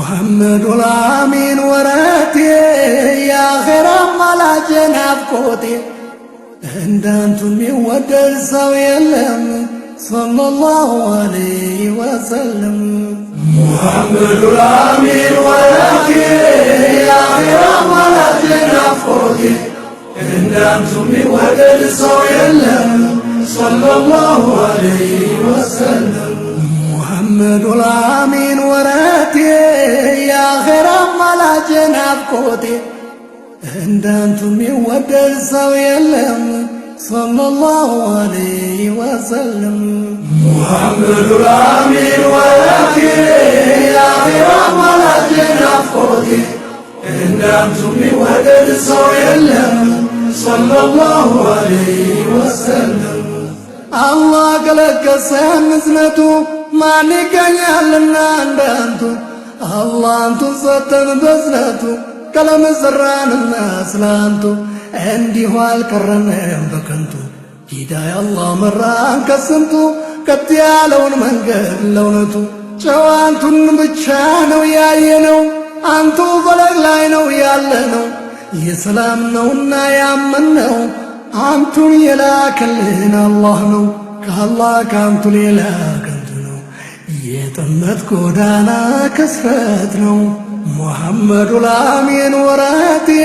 محمد الامين وراتي يا خير امال اجناب قوتي عند انتم يود الزو يلم صلى الله عليه وسلم محمد الامين وراتي يا خير امال اجناب قوتي عند انتم يود الزو يلم صلى الله عليه وسلم محمد الامين ናፍቆቴ እንዳንቱ የሚወደድ ሰው የለም ሰለላሁ ዐለይሂ ወሰለም ሙሐመዱ ልአሚን ወላኪ ናፍቆቴ እንዳንቱ የሚወደድ ሰው የለም ሰለላሁ ወሰለም አላህ ማን ይገኛልና እንዳንቱ አላህ አንቱን ሰጠን በዝነቱ ቀለም ዘራንና ስላንቱ እንዲሁ አልቀረንም በከንቱ ሂዳያ ያላ መራን ከስንቱ ቀጥ ያለውን መንገድ ለውነቱ ጨዋንቱን ብቻ ነው ያየነው አንቱ ፈለግ ላይ ነው ያለነው የሰላም ነውና ነው አንቱን የላከልን አላህ ነው ከአላ ከአንቱ ሌላ ከንቱ ነው የጥመት ጎዳና ከስረት ነው محمد الامين وراتي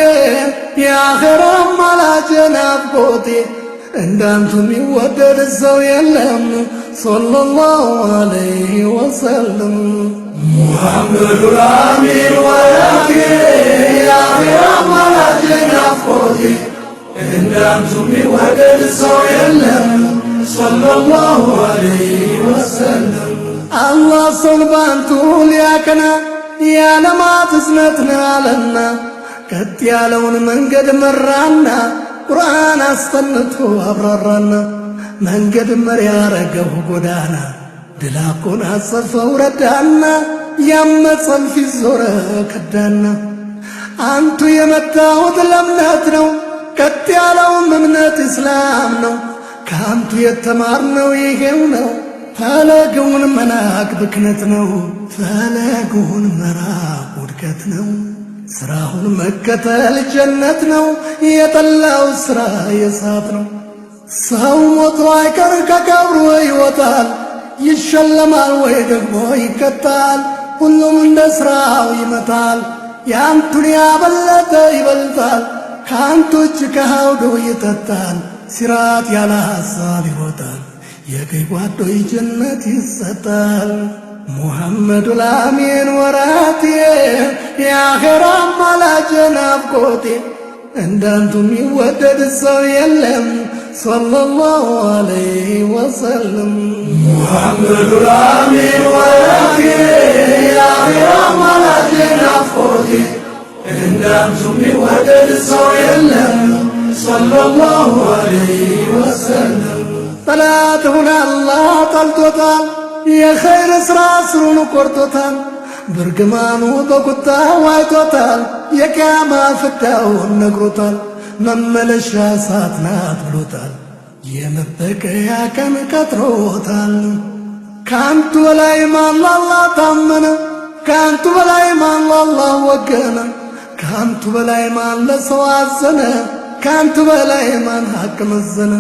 يا اخر امال جنابوتي انتم يودد الزو يلم صلى الله عليه وسلم محمد الامين وراتي يا اخر امال جنابوتي انتم يودد الزو يلم صلى الله عليه وسلم الله صلبان طول يا كنا የዓለማት እዝነት ነው አለና ቀጥ ያለውን መንገድ መራና ቁርአን አስጠንቶ አብራራና መንገድ መሪ ያረገው ጎዳና ድላቁን አጎናጸፈው ረዳና ያመፀን ፊት ዞረ ከዳና አንቱ የመጣሁት ለእምነት ነው ቀጥ ያለውም እምነት እስላም ነው ከአንቱ የተማርነው ይሄው ነው ፈለግውን መናቅ ብክነት ነው። ፈለግውን መራቅ ውድቀት ነው። ስራውን መከተል ጀነት ነው። የጠላው ስራ የሳት ነው። ሰው ሞቶ አይቀር ከቀብሩ ይወጣል። ይሸለማል ወይ ደግሞ ይቀጣል። ሁሉም እንደ ስራው ይመጣል። የአንቱን ያበለጠ ይበልጣል። ከአንቱ እጅ ከአውዱ ይጠጣል። ሲራት ያለ ሐሳብ ይወጣል። የቀይ ጓዶይ ጀነት ይሰጣል ሙሐመዱ ላሚን ወራቴ የአኼራ ማላጀ ኮቴ እንዳንቱ የሚወደድ ሰው የለም ሰለላሁ አለይህ ወሰለም ሙሐመዱ ላሚን ወራቴ የአኼራ ማላጀ ኮቴ እንዳንቱ የሚወደድ ሰው የለም ሰለላሁ አለይህ ወሰለም ጠላትሁን አላህ ጠልቶታል። የኸይር ሥራ ስሩን ቆርጦታል። ብርግማኑ በቁጣ ዋይቶታል። የቅያማ ፍዳውን ነግሮታል። መመለሻ እሳት ናት ብሎታል። የመበቀያ ቀን ቀጥሮታል። ከአንቱ በላይ ማላላ ታመነ፣ ከአንቱ በላይ ማላላ ወገነ፣ ከአንቱ በላይ ማን ለሰው አዘነ፣ ከአንቱ በላይ ማን ሐቅ መዘነ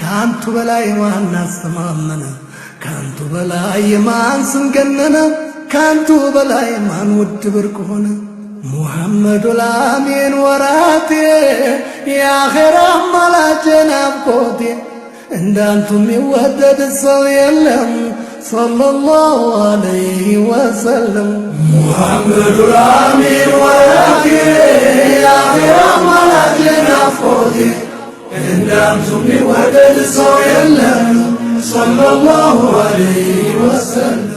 ከአንቱ በላይ ማን አስተማመነ? ከአንቱ በላይ ማን ስም ገነነ? ከአንቱ በላይ ማን ውድ ብርቅ ሆነ? ሙሐመዱ ላሚን ወራቴ የአኼራ አማላጄ ናፍቆቴ እንዳንቱ የሚወደድ ሰው የለም ሰለላሁ አለይህ ወሰለም ሙሐመዱ ላሚን ወራቴ የአኼራ አማላጄ سلام لوجه الصغير صلى الله عليه وسلم